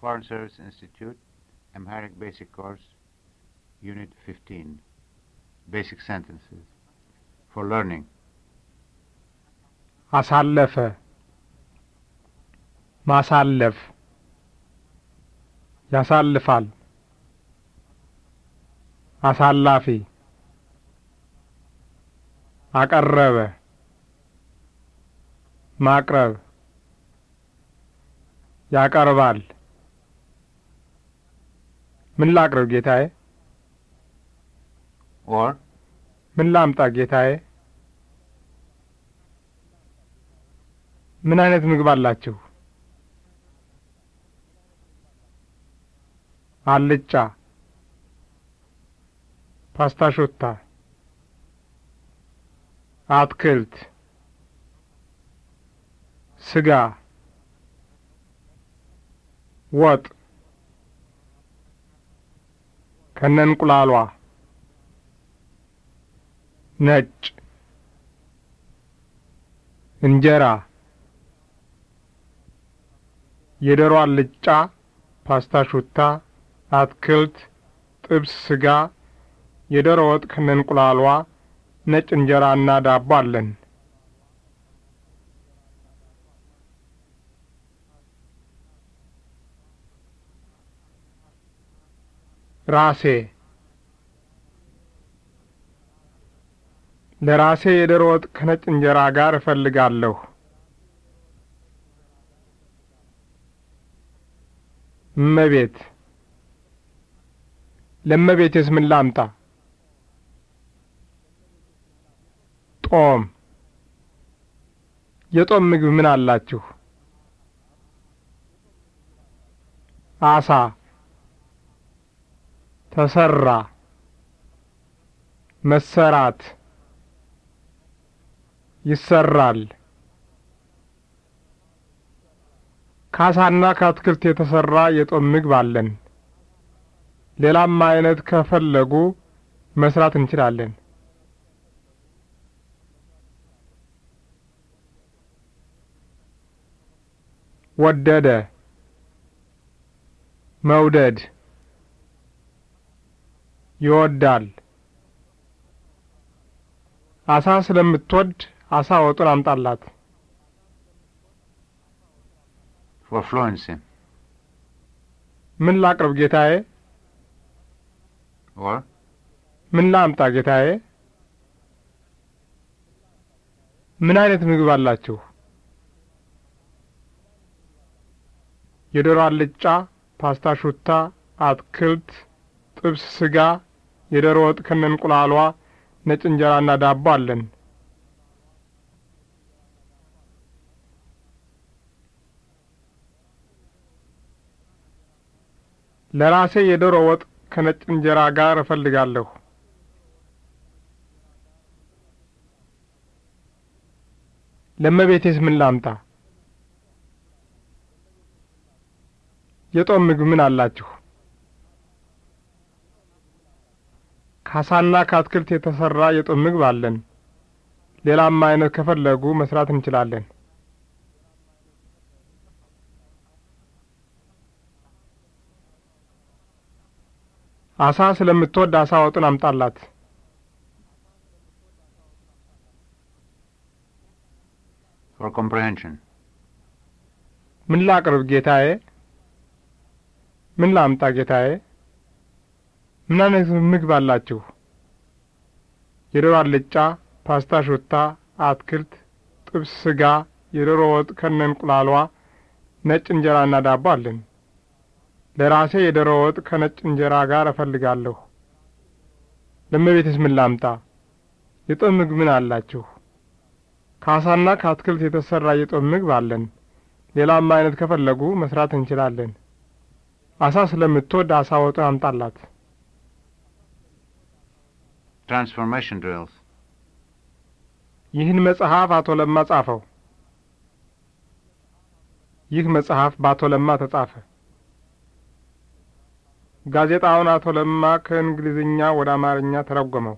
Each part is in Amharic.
Foreign Service Institute, Amharic Basic Course, Unit 15, Basic Sentences, for Learning. አሳለፈ ማሳለፍ ያሳልፋል አሳላፊ አቀረበ ማቅረብ ያቀርባል ምን ላቅርብ ጌታዬ? ኦር ምን ላምጣ ጌታዬ? ምን አይነት ምግብ አላችሁ? አልጫ፣ ፓስታ፣ ሾታ፣ አትክልት፣ ስጋ፣ ወጥ ከነንቁላሏ ነጭ እንጀራ የዶሮ አልጫ፣ ፓስታ፣ ሹታ፣ አትክልት፣ ጥብስ ስጋ፣ የዶሮ ወጥ ከነንቁላሏ፣ ነጭ እንጀራና ዳቦ አለን። ራሴ ለራሴ የደሮ ወጥ ከነጭ እንጀራ ጋር እፈልጋለሁ። እመቤት ለእመቤቴስ ምን ላምጣ? ጦም የጦም ምግብ ምን አላችሁ? አሳ ተሰራ መሰራት ይሰራል ካሳና ከአትክልት የተሰራ የጦም ምግብ አለን። ሌላም አይነት ከፈለጉ መስራት እንችላለን። ወደደ መውደድ ይወዳል። አሳ ስለምትወድ አሳ ወጡን አምጣላት። ፎር ፍሎረንስ ምን ላቅርብ ጌታዬ? ኦር ምን ላምጣ ጌታዬ? ምን አይነት ምግብ አላችሁ? የዶሮ አልጫ፣ ፓስታ፣ ሹታ፣ አትክልት፣ ጥብስ ስጋ የዶሮ ወጥ ከነእንቁላሏ፣ ነጭ እንጀራና ዳቦ አለን። ለራሴ የዶሮ ወጥ ከነጭ እንጀራ ጋር እፈልጋለሁ። ለመቤቴስ ምን ላምጣ? የጦም ምግብ ምን አላችሁ? ካሳና ከአትክልት የተሰራ የጦም ምግብ አለን። ሌላም አይነት ከፈለጉ መስራት እንችላለን። አሳ ስለምትወድ አሳ ወጥን አምጣላት። ምን ላቅርብ ጌታዬ? ምን ላምጣ ጌታዬ? ምን አይነት ምግብ አላችሁ? የዶሮ አልጫ፣ ፓስታ፣ ሾታ፣ አትክልት፣ ጥብስ ስጋ፣ የዶሮ ወጥ ከነ እንቁላሏ፣ ነጭ እንጀራና ዳቦ አለን። ለራሴ የዶሮ ወጥ ከነጭ እንጀራ ጋር እፈልጋለሁ። ለመቤትስ ምን ላምጣ? የጦም ምግብ ምን አላችሁ? ከአሳና ከአትክልት የተሰራ የጦም ምግብ አለን። ሌላም አይነት ከፈለጉ መስራት እንችላለን። አሳ ስለምትወድ አሳ ወጡን አምጣላት። transformation drills ይህን መጽሐፍ አቶ ለማ ጻፈው። ይህ መጽሐፍ በአቶ ለማ ተጻፈ። ጋዜጣውን አቶ ለማ ከእንግሊዝኛ ወደ አማርኛ ተረጎመው።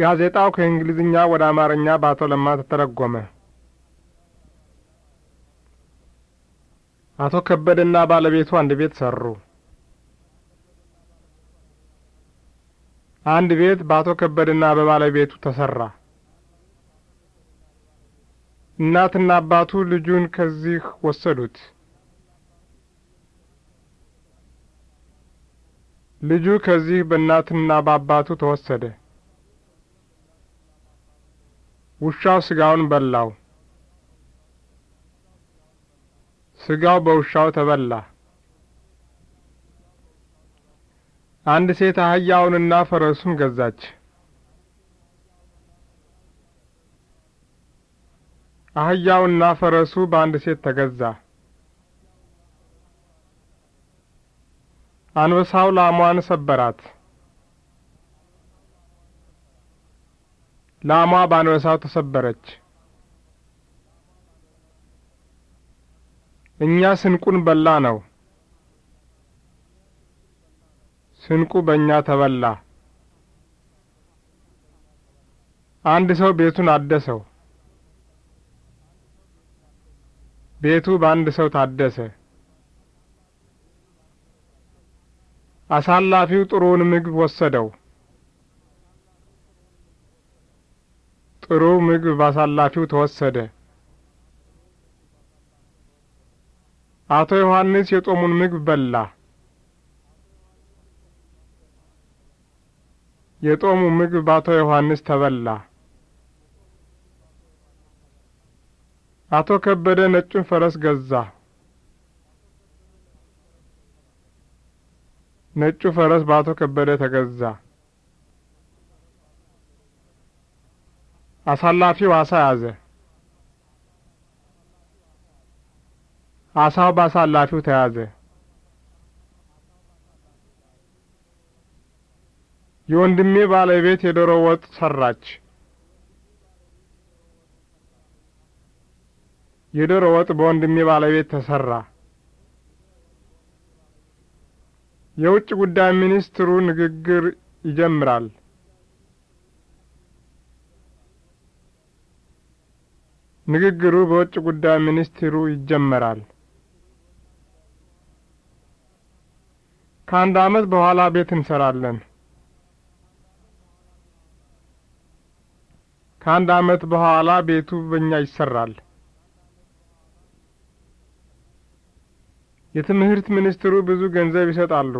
ጋዜጣው ከእንግሊዝኛ ወደ አማርኛ በአቶ ለማ ተተረጎመ። አቶ ከበደና ባለቤቱ አንድ ቤት ሰሩ። አንድ ቤት በአቶ ከበደና በባለቤቱ ተሰራ። እናትና አባቱ ልጁን ከዚህ ወሰዱት። ልጁ ከዚህ በእናትና በአባቱ ተወሰደ። ውሻው ስጋውን በላው። ስጋው በውሻው ተበላ። አንድ ሴት አህያውንና ፈረሱን ገዛች። አህያውና ፈረሱ በአንድ ሴት ተገዛ። አንበሳው ላሟን ሰበራት። ላሟ በአንበሳው ተሰበረች። እኛ ስንቁን በላ ነው። ስንቁ በእኛ ተበላ። አንድ ሰው ቤቱን አደሰው። ቤቱ በአንድ ሰው ታደሰ። አሳላፊው ጥሩውን ምግብ ወሰደው። ጥሩ ምግብ በአሳላፊው ተወሰደ። አቶ ዮሐንስ የጾሙን ምግብ በላ። የጾሙ ምግብ በአቶ ዮሐንስ ተበላ። አቶ ከበደ ነጩን ፈረስ ገዛ። ነጩ ፈረስ በአቶ ከበደ ተገዛ። አሳላፊው አሳ ያዘ። አሳው ባሳላፊው ተያዘ። የወንድሜ ባለቤት የዶሮ ወጥ ሰራች። የዶሮ ወጥ በወንድሜ ባለቤት ተሰራ። የውጭ ጉዳይ ሚኒስትሩ ንግግር ይጀምራል። ንግግሩ በውጭ ጉዳይ ሚኒስትሩ ይጀመራል። ከአንድ ዓመት በኋላ ቤት እንሰራለን። ከአንድ ዓመት በኋላ ቤቱ በእኛ ይሰራል። የትምህርት ሚኒስትሩ ብዙ ገንዘብ ይሰጣሉ።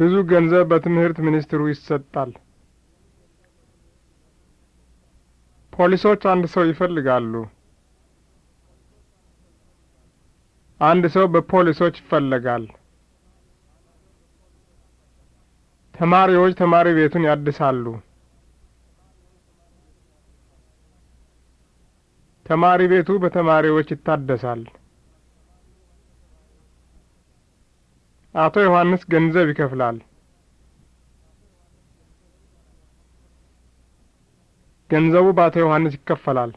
ብዙ ገንዘብ በትምህርት ሚኒስትሩ ይሰጣል። ፖሊሶች አንድ ሰው ይፈልጋሉ። አንድ ሰው በፖሊሶች ይፈለጋል። ተማሪዎች ተማሪ ቤቱን ያድሳሉ። ተማሪ ቤቱ በተማሪዎች ይታደሳል። አቶ ዮሐንስ ገንዘብ ይከፍላል። ገንዘቡ በአቶ ዮሐንስ ይከፈላል።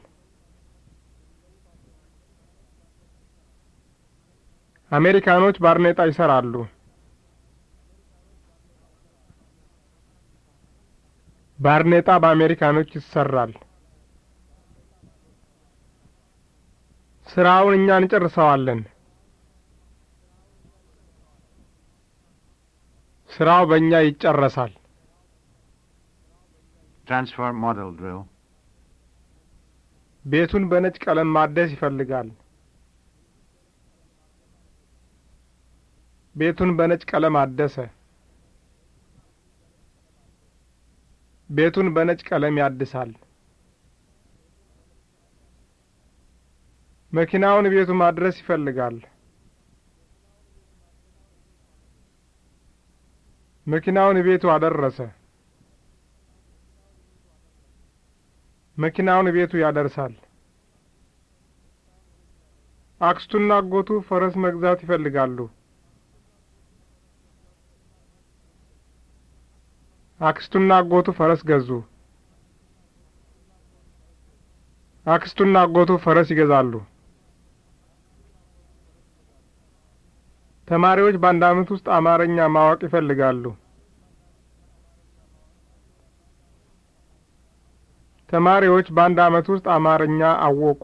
አሜሪካኖች ባርኔጣ ይሰራሉ። ባርኔጣ በአሜሪካኖች ይሰራል። ስራውን እኛ እንጨርሰዋለን። ስራው በእኛ ይጨረሳል። ትራንስፈር ሞዴል ድሪል ቤቱን በነጭ ቀለም ማደስ ይፈልጋል። ቤቱን በነጭ ቀለም አደሰ። ቤቱን በነጭ ቀለም ያድሳል። መኪናውን ቤቱ ማድረስ ይፈልጋል። መኪናውን ቤቱ አደረሰ። መኪናውን ቤቱ ያደርሳል። አክስቱና አጎቱ ፈረስ መግዛት ይፈልጋሉ። አክስቱና አጎቱ ፈረስ ገዙ። አክስቱና አጎቱ ፈረስ ይገዛሉ። ተማሪዎች በአንድ ዓመት ውስጥ አማርኛ ማወቅ ይፈልጋሉ። ተማሪዎች በአንድ ዓመት ውስጥ አማርኛ አወቁ።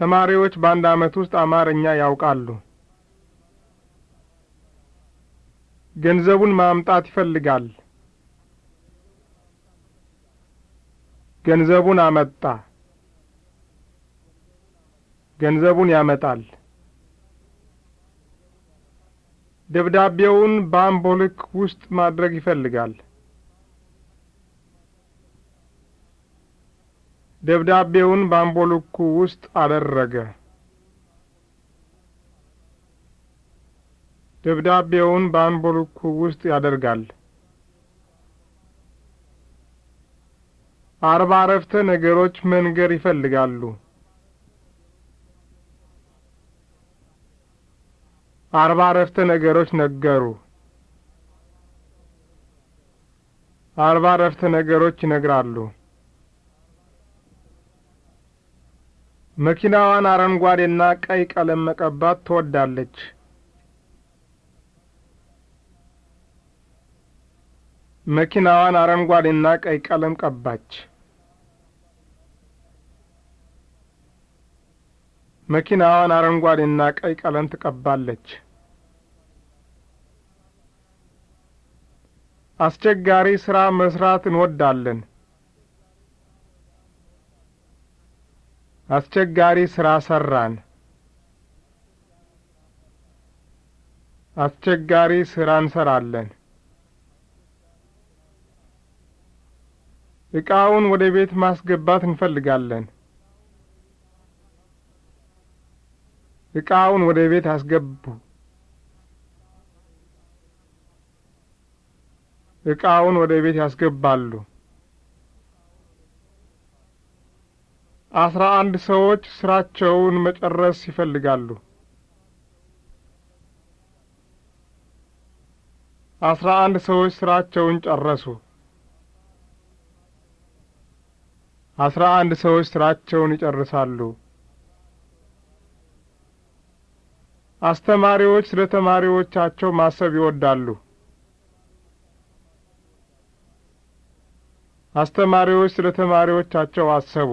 ተማሪዎች በአንድ ዓመት ውስጥ አማርኛ ያውቃሉ። ገንዘቡን ማምጣት ይፈልጋል። ገንዘቡን አመጣ። ገንዘቡን ያመጣል። ደብዳቤውን በአምቦልክ ውስጥ ማድረግ ይፈልጋል። ደብዳቤውን በአምቦልኩ ውስጥ አደረገ። ደብዳቤውን በአንቦልኩ ውስጥ ያደርጋል። አርባ አረፍተ ነገሮች መንገር ይፈልጋሉ። አርባ አረፍተ ነገሮች ነገሩ። አርባ አረፍተ ነገሮች ይነግራሉ። መኪናዋን አረንጓዴና ቀይ ቀለም መቀባት ትወዳለች። መኪናዋን አረንጓዴና ቀይ ቀለም ቀባች። መኪናዋን አረንጓዴና ቀይ ቀለም ትቀባለች። አስቸጋሪ ሥራ መስራት እንወዳለን። አስቸጋሪ ሥራ ሰራን። አስቸጋሪ ሥራ እንሰራለን። ዕቃውን ወደ ቤት ማስገባት እንፈልጋለን። ዕቃውን ወደ ቤት አስገቡ። ዕቃውን ወደ ቤት ያስገባሉ። አስራ አንድ ሰዎች ስራቸውን መጨረስ ይፈልጋሉ። አስራ አንድ ሰዎች ስራቸውን ጨረሱ። አስራ አንድ ሰዎች ስራቸውን ይጨርሳሉ። አስተማሪዎች ስለ ተማሪዎቻቸው ማሰብ ይወዳሉ። አስተማሪዎች ስለ ተማሪዎቻቸው አሰቡ።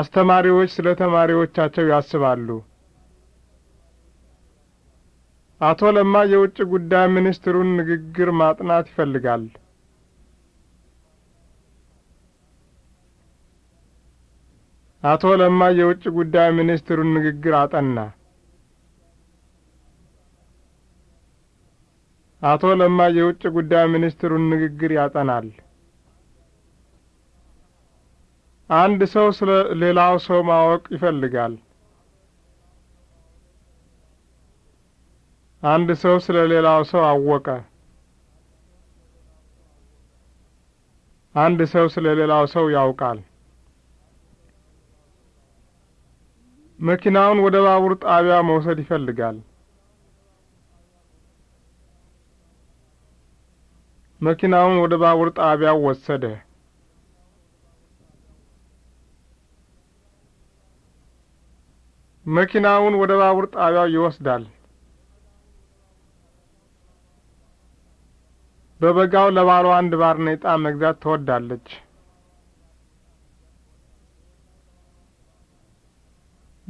አስተማሪዎች ስለ ተማሪዎቻቸው ያስባሉ። አቶ ለማ የውጭ ጉዳይ ሚኒስትሩን ንግግር ማጥናት ይፈልጋል። አቶ ለማ የውጭ ጉዳይ ሚኒስትሩን ንግግር አጠና። አቶ ለማ የውጭ ጉዳይ ሚኒስትሩን ንግግር ያጠናል። አንድ ሰው ስለ ሌላው ሰው ማወቅ ይፈልጋል። አንድ ሰው ስለ ሌላው ሰው አወቀ። አንድ ሰው ስለ ሌላው ሰው ያውቃል። መኪናውን ወደ ባቡር ጣቢያ መውሰድ ይፈልጋል። መኪናውን ወደ ባቡር ጣቢያው ወሰደ። መኪናውን ወደ ባቡር ጣቢያው ይወስዳል። በበጋው ለባሏ አንድ ባርኔጣ መግዛት ትወዳለች።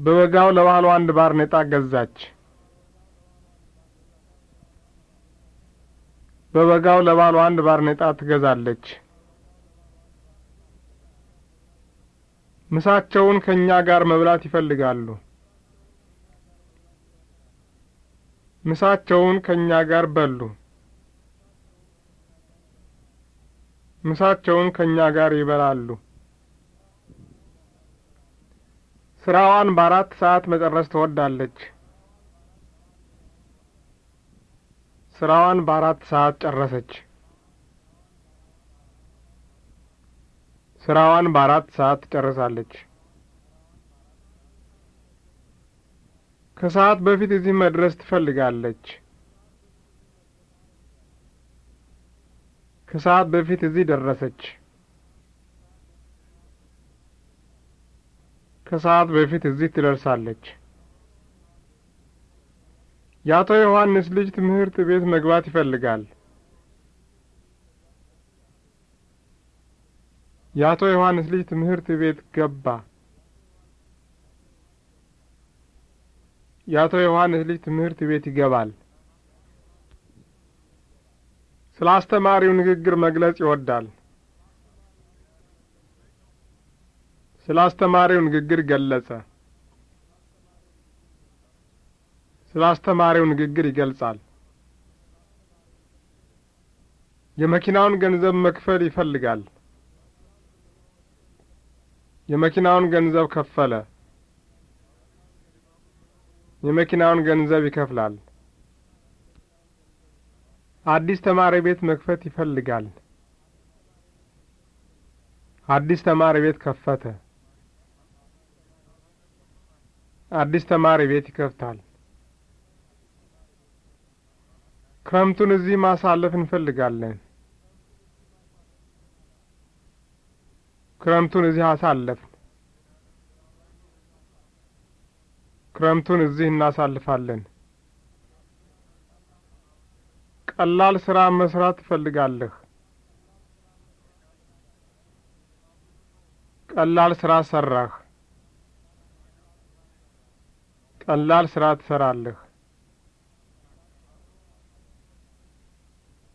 በወጋው ለባሉ አንድ ባርኔጣ ገዛች። በበጋው ለባሉ አንድ ባርኔጣ ትገዛለች። ምሳቸውን ከእኛ ጋር መብላት ይፈልጋሉ። ምሳቸውን ከእኛ ጋር በሉ። ምሳቸውን ከእኛ ጋር ይበላሉ። ስራዋን በአራት ሰዓት መጨረስ ትወዳለች። ስራዋን በአራት ሰዓት ጨረሰች። ስራዋን በአራት ሰዓት ጨርሳለች። ከሰዓት በፊት እዚህ መድረስ ትፈልጋለች። ከሰዓት በፊት እዚህ ደረሰች። ከሰዓት በፊት እዚህ ትደርሳለች። የአቶ ዮሐንስ ልጅ ትምህርት ቤት መግባት ይፈልጋል። የአቶ ዮሐንስ ልጅ ትምህርት ቤት ገባ። የአቶ ዮሐንስ ልጅ ትምህርት ቤት ይገባል። ስለ አስተማሪው ንግግር መግለጽ ይወዳል። ስለ አስተማሪው ንግግር ገለጸ። ስለ አስተማሪው ንግግር ይገልጻል። የመኪናውን ገንዘብ መክፈል ይፈልጋል። የመኪናውን ገንዘብ ከፈለ። የመኪናውን ገንዘብ ይከፍላል። አዲስ ተማሪ ቤት መክፈት ይፈልጋል። አዲስ ተማሪ ቤት ከፈተ። አዲስ ተማሪ ቤት ይከፍታል። ክረምቱን እዚህ ማሳለፍ እንፈልጋለን። ክረምቱን እዚህ አሳለፍን። ክረምቱን እዚህ እናሳልፋለን። ቀላል ስራ መስራት ትፈልጋለህ? ቀላል ስራ ሰራህ። ቀላል ስራ ትሰራለህ።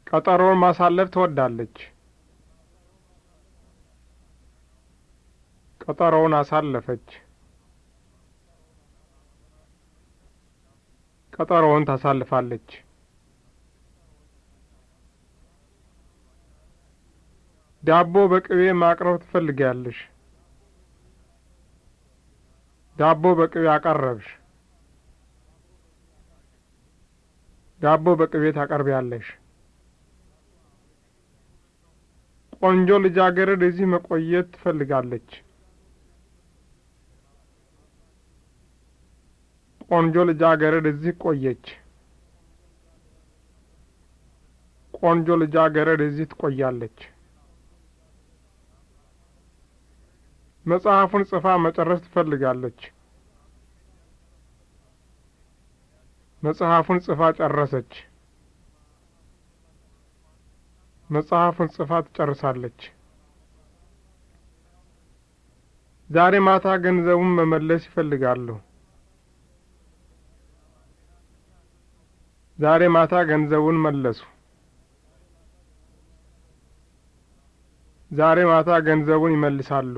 ቀጠሮን ማሳለፍ ትወዳለች። ቀጠሮውን አሳለፈች። ቀጠሮውን ታሳልፋለች። ዳቦ በቅቤ ማቅረብ ትፈልጊያለሽ። ዳቦ በቅቤ አቀረብሽ። ዳቦ በቅቤ ታቀርቢያለሽ። ቆንጆ ልጃገረድ እዚህ መቆየት ትፈልጋለች። ቆንጆ ልጃገረድ እዚህ ቆየች። ቆንጆ ልጃገረድ እዚህ ትቆያለች። መጽሐፉን ጽፋ መጨረስ ትፈልጋለች። መጽሐፉን ጽፋ ጨረሰች። መጽሐፉን ጽፋ ትጨርሳለች። ዛሬ ማታ ገንዘቡን መመለስ ይፈልጋሉ። ዛሬ ማታ ገንዘቡን መለሱ። ዛሬ ማታ ገንዘቡን ይመልሳሉ።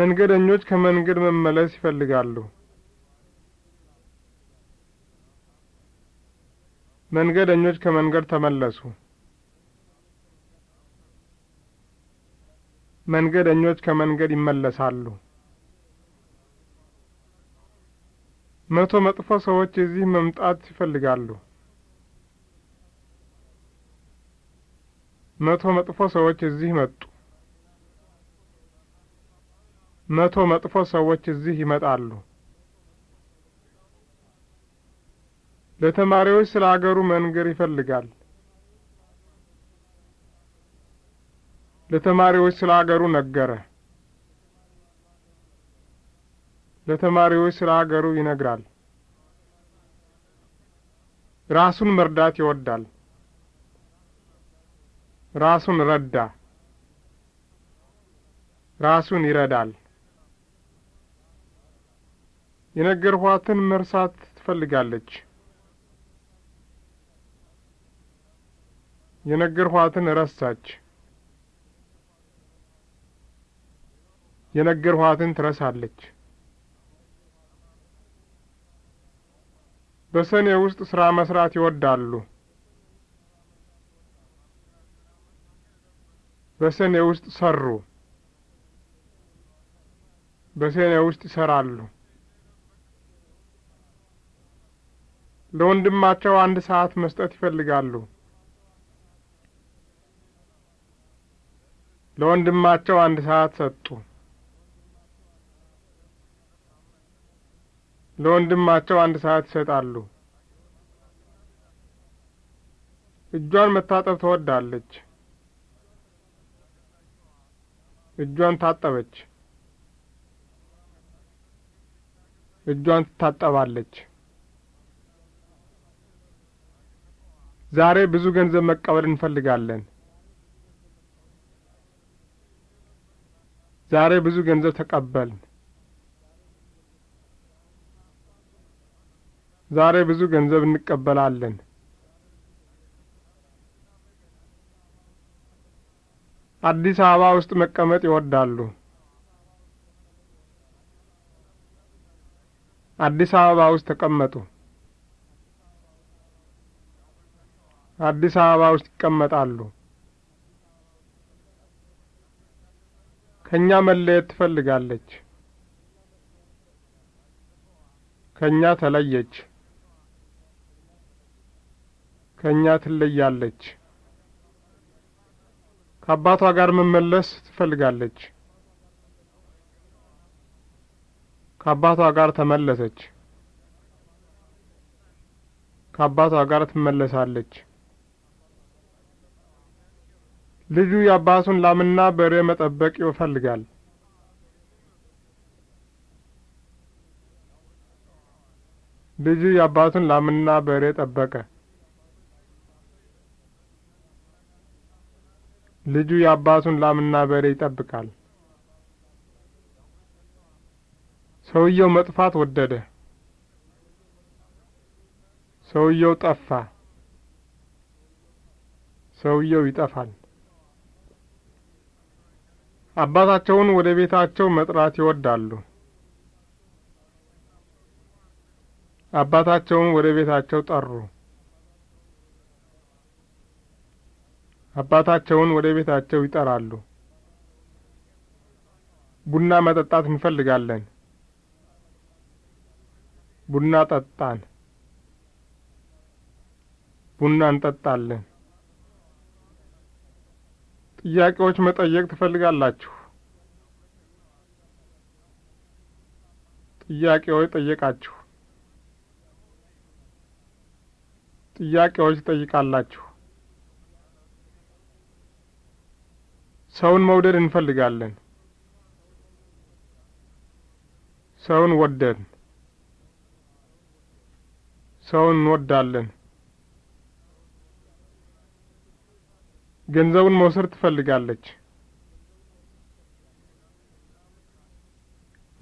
መንገደኞች ከመንገድ መመለስ ይፈልጋሉ። መንገደኞች ከመንገድ ተመለሱ። መንገደኞች ከመንገድ ይመለሳሉ። መቶ መጥፎ ሰዎች እዚህ መምጣት ይፈልጋሉ። መቶ መጥፎ ሰዎች እዚህ መጡ። መቶ መጥፎ ሰዎች እዚህ ይመጣሉ። ለተማሪዎች ስለ አገሩ መንገር ይፈልጋል። ለተማሪዎች ስለ አገሩ ነገረ። ለተማሪዎች ስለ አገሩ ይነግራል። ራሱን መርዳት ይወዳል። ራሱን ረዳ። ራሱን ይረዳል። የነገርኋትን መርሳት ትፈልጋለች። የነገርኋትን ረሳች። የነገርኋትን ትረሳለች። በሰኔ ውስጥ ስራ መስራት ይወዳሉ። በሰኔ ውስጥ ሰሩ። በሰኔ ውስጥ ይሰራሉ። ለወንድማቸው አንድ ሰዓት መስጠት ይፈልጋሉ። ለወንድማቸው አንድ ሰዓት ሰጡ። ለወንድማቸው አንድ ሰዓት ይሰጣሉ። እጇን መታጠብ ትወዳለች። እጇን ታጠበች። እጇን ትታጠባለች። ዛሬ ብዙ ገንዘብ መቀበል እንፈልጋለን። ዛሬ ብዙ ገንዘብ ተቀበልን። ዛሬ ብዙ ገንዘብ እንቀበላለን። አዲስ አበባ ውስጥ መቀመጥ ይወዳሉ። አዲስ አበባ ውስጥ ተቀመጡ። አዲስ አበባ ውስጥ ይቀመጣሉ። ከእኛ መለየት ትፈልጋለች። ከእኛ ተለየች። ከእኛ ትለያለች። ከአባቷ ጋር መመለስ ትፈልጋለች። ከአባቷ ጋር ተመለሰች። ከአባቷ ጋር ትመለሳለች። ልጁ የአባቱን ላምና በሬ መጠበቅ ይፈልጋል። ልጁ የአባቱን ላምና በሬ ጠበቀ። ልጁ የአባቱን ላምና በሬ ይጠብቃል። ሰውየው መጥፋት ወደደ። ሰውየው ጠፋ። ሰውየው ይጠፋል። አባታቸውን ወደ ቤታቸው መጥራት ይወዳሉ። አባታቸውን ወደ ቤታቸው ጠሩ። አባታቸውን ወደ ቤታቸው ይጠራሉ። ቡና መጠጣት እንፈልጋለን። ቡና ጠጣን። ቡና እንጠጣለን። ጥያቄዎች መጠየቅ ትፈልጋላችሁ? ጥያቄዎች ጠየቃችሁ። ጥያቄዎች ትጠይቃላችሁ። ሰውን መውደድ እንፈልጋለን። ሰውን ወደድን። ሰውን እንወዳለን። ገንዘቡን መውሰድ ትፈልጋለች።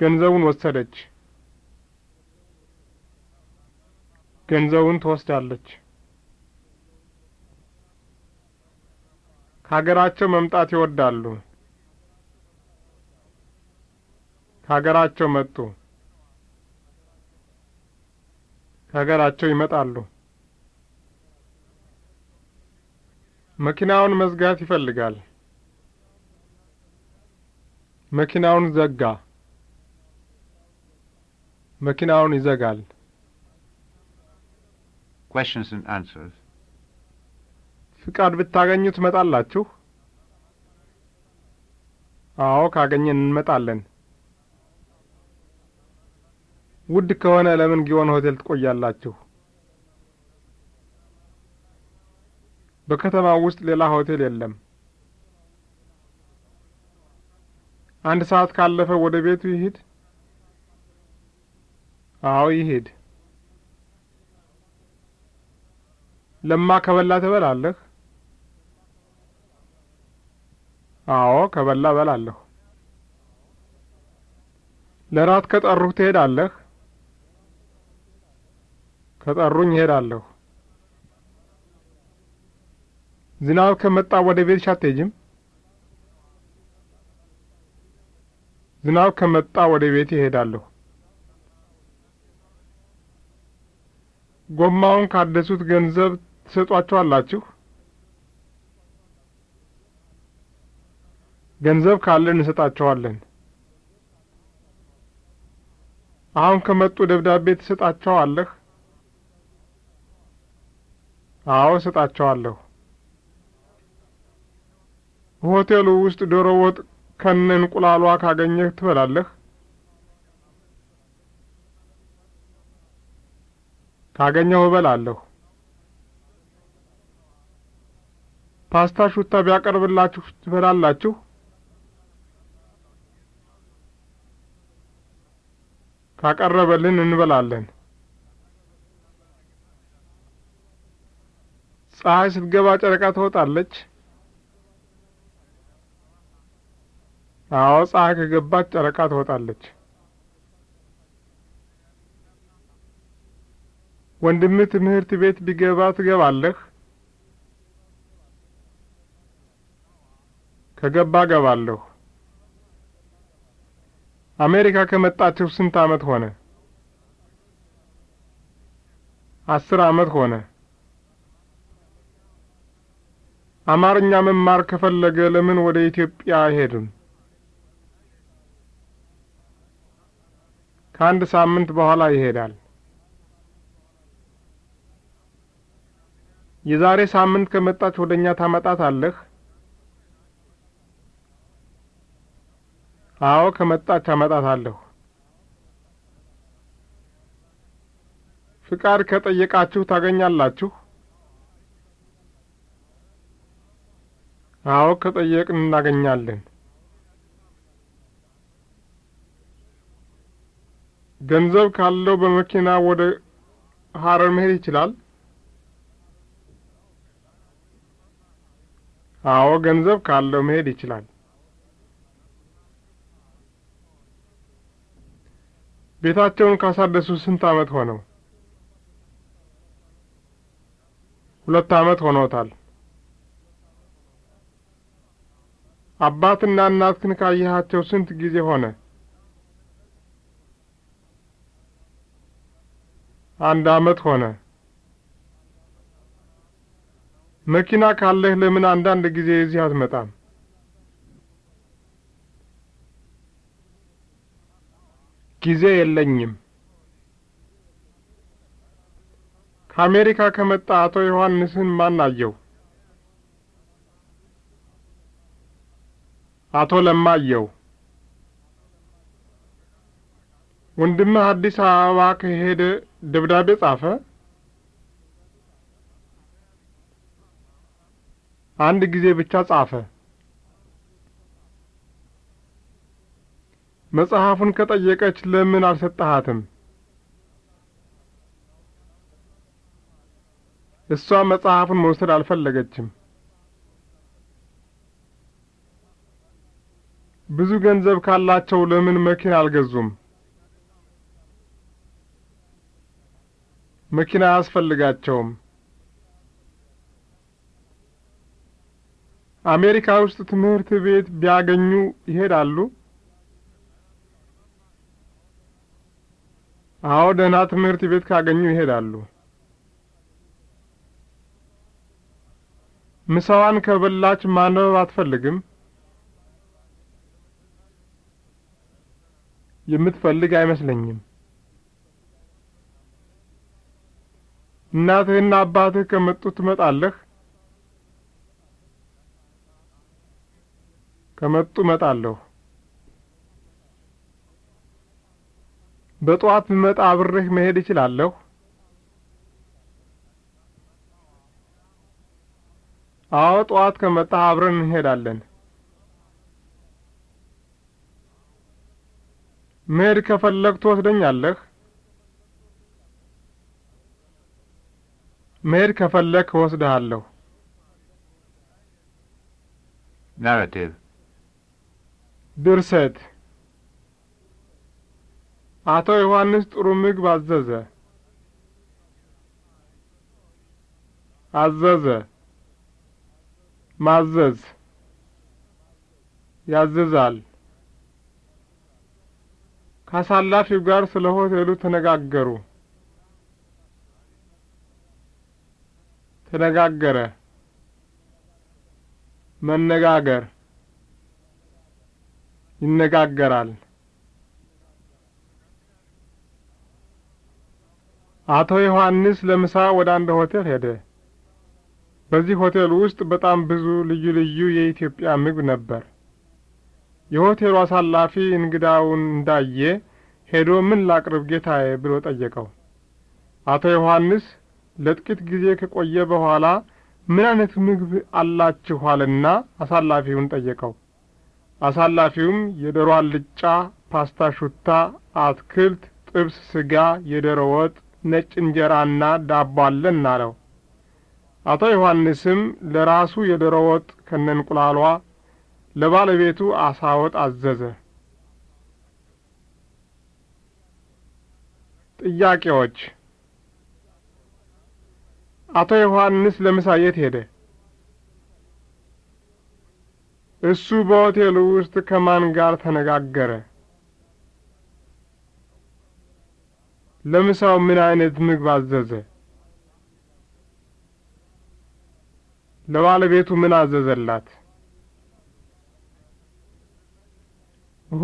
ገንዘቡን ወሰደች። ገንዘቡን ትወስዳለች። ከሀገራቸው መምጣት ይወዳሉ። ከሀገራቸው መጡ። ከሀገራቸው ይመጣሉ። መኪናውን መዝጋት ይፈልጋል። መኪናውን ዘጋ። መኪናውን ይዘጋል። questions and answers ፍቃድ ብታገኙ ትመጣላችሁ? አዎ ካገኘን እንመጣለን። ውድ ከሆነ ለምን ጊዮን ሆቴል ትቆያላችሁ? በከተማው ውስጥ ሌላ ሆቴል የለም። አንድ ሰዓት ካለፈ ወደ ቤቱ ይሂድ። አዎ ይሂድ። ለማ ከበላ ትበላለህ? አዎ ከበላ እበላለሁ። ለራት ከጠሩህ ትሄዳለህ? ከጠሩኝ እሄዳለሁ። ዝናብ ከመጣ ወደ ቤትሽ አትሄጂም? ዝናብ ከመጣ ወደ ቤት ይሄዳለሁ። ጎማውን ካደሱት ገንዘብ ትሰጧቸዋላችሁ? ገንዘብ ካለን እንሰጣቸዋለን። አሁን ከመጡ ደብዳቤ ትሰጣቸዋለህ? አዎ እሰጣቸዋለሁ። ሆቴሉ ውስጥ ዶሮ ወጥ ከነ እንቁላሏ ካገኘህ ትበላለህ? ካገኘሁ እበላለሁ። ፓስታ ሹታ ቢያቀርብላችሁ ትበላላችሁ? ካቀረበልን እንበላለን። ፀሐይ ስትገባ ጨረቃ ትወጣለች። አዎ ፀሐይ ከገባች ጨረቃ ትወጣለች። ወንድምህ ትምህርት ቤት ቢገባ ትገባለህ? ከገባ ገባለሁ። አሜሪካ ከመጣችሁ ስንት ዓመት ሆነ? አስር ዓመት ሆነ። አማርኛ መማር ከፈለገ ለምን ወደ ኢትዮጵያ አይሄድም? ከአንድ ሳምንት በኋላ ይሄዳል። የዛሬ ሳምንት ከመጣች ወደ እኛ ታመጣት አለህ? አዎ ከመጣች አመጣት አለሁ። ፍቃድ ከጠየቃችሁ ታገኛላችሁ? አዎ ከጠየቅን እናገኛለን። ገንዘብ ካለው በመኪና ወደ ሀረር መሄድ ይችላል? አዎ፣ ገንዘብ ካለው መሄድ ይችላል። ቤታቸውን ካሳደሱ ስንት ዓመት ሆነው? ሁለት ዓመት ሆኖታል። አባትና እናትን ካየሃቸው ስንት ጊዜ ሆነ? አንድ አመት ሆነ። መኪና ካለህ ለምን አንዳንድ ጊዜ እዚህ አትመጣም? ጊዜ የለኝም። ከአሜሪካ ከመጣ አቶ ዮሐንስን ማን አየው? አቶ ለማ አየው። ወንድምህ አዲስ አበባ ከሄደ ደብዳቤ ጻፈ። አንድ ጊዜ ብቻ ጻፈ። መጽሐፉን ከጠየቀች ለምን አልሰጠሃትም? እሷ መጽሐፉን መውሰድ አልፈለገችም። ብዙ ገንዘብ ካላቸው ለምን መኪና አልገዙም? መኪና አያስፈልጋቸውም። አሜሪካ ውስጥ ትምህርት ቤት ቢያገኙ ይሄዳሉ? አዎ፣ ደህና ትምህርት ቤት ካገኙ ይሄዳሉ። ምሳዋን ከበላች ማንበብ አትፈልግም? የምትፈልግ አይመስለኝም። እናትህና አባትህ ከመጡ ትመጣለህ? ከመጡ እመጣለሁ። በጠዋት ብመጣ አብሬህ መሄድ እችላለሁ? አዎ፣ ጠዋት ከመጣህ አብረን እንሄዳለን። መሄድ ከፈለግ ትወስደኛለህ? መሄድ ከፈለክ እወስድሃለሁ። ናራቲቭ ድርሰት አቶ ዮሐንስ ጥሩ ምግብ አዘዘ። አዘዘ ማዘዝ ያዝዛል። ከአሳላፊው ጋር ስለ ሆቴሉ ተነጋገሩ። ተነጋገረ መነጋገር ይነጋገራል። አቶ ዮሐንስ ለምሳ ወደ አንድ ሆቴል ሄደ። በዚህ ሆቴል ውስጥ በጣም ብዙ ልዩ ልዩ የኢትዮጵያ ምግብ ነበር። የሆቴሉ አሳላፊ እንግዳውን እንዳየ ሄዶ ምን ላቅርብ ጌታዬ ብሎ ጠየቀው። አቶ ዮሐንስ ለጥቂት ጊዜ ከቆየ በኋላ ምን አይነት ምግብ አላችኋልና አሳላፊውን ጠየቀው። አሳላፊውም የዶሮ አልጫ፣ ፓስታ፣ ሹታ፣ አትክልት፣ ጥብስ፣ ስጋ፣ የዶሮ ወጥ፣ ነጭ እንጀራና ዳቦ አለን አለው። አቶ ዮሐንስም ለራሱ የዶሮ ወጥ ከነንቁላሏ ለባለቤቱ አሳ ወጥ አዘዘ። ጥያቄዎች አቶ ዮሐንስ ለምሳ የት ሄደ? እሱ በሆቴሉ ውስጥ ከማን ጋር ተነጋገረ? ለምሳው ምን አይነት ምግብ አዘዘ? ለባለቤቱ ምን አዘዘላት?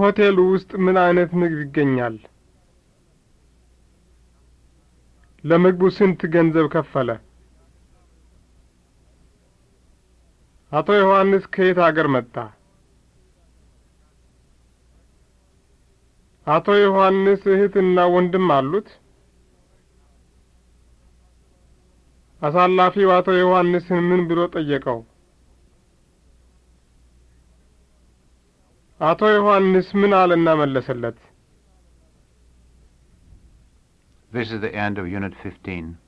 ሆቴሉ ውስጥ ምን አይነት ምግብ ይገኛል? ለምግቡ ስንት ገንዘብ ከፈለ? አቶ ዮሐንስ ከየት አገር መጣ? አቶ ዮሐንስ እህትና ወንድም አሉት? አሳላፊው አቶ ዮሐንስን ምን ብሎ ጠየቀው? አቶ ዮሐንስ ምን አለና መለሰለት? This is the end of Unit 15.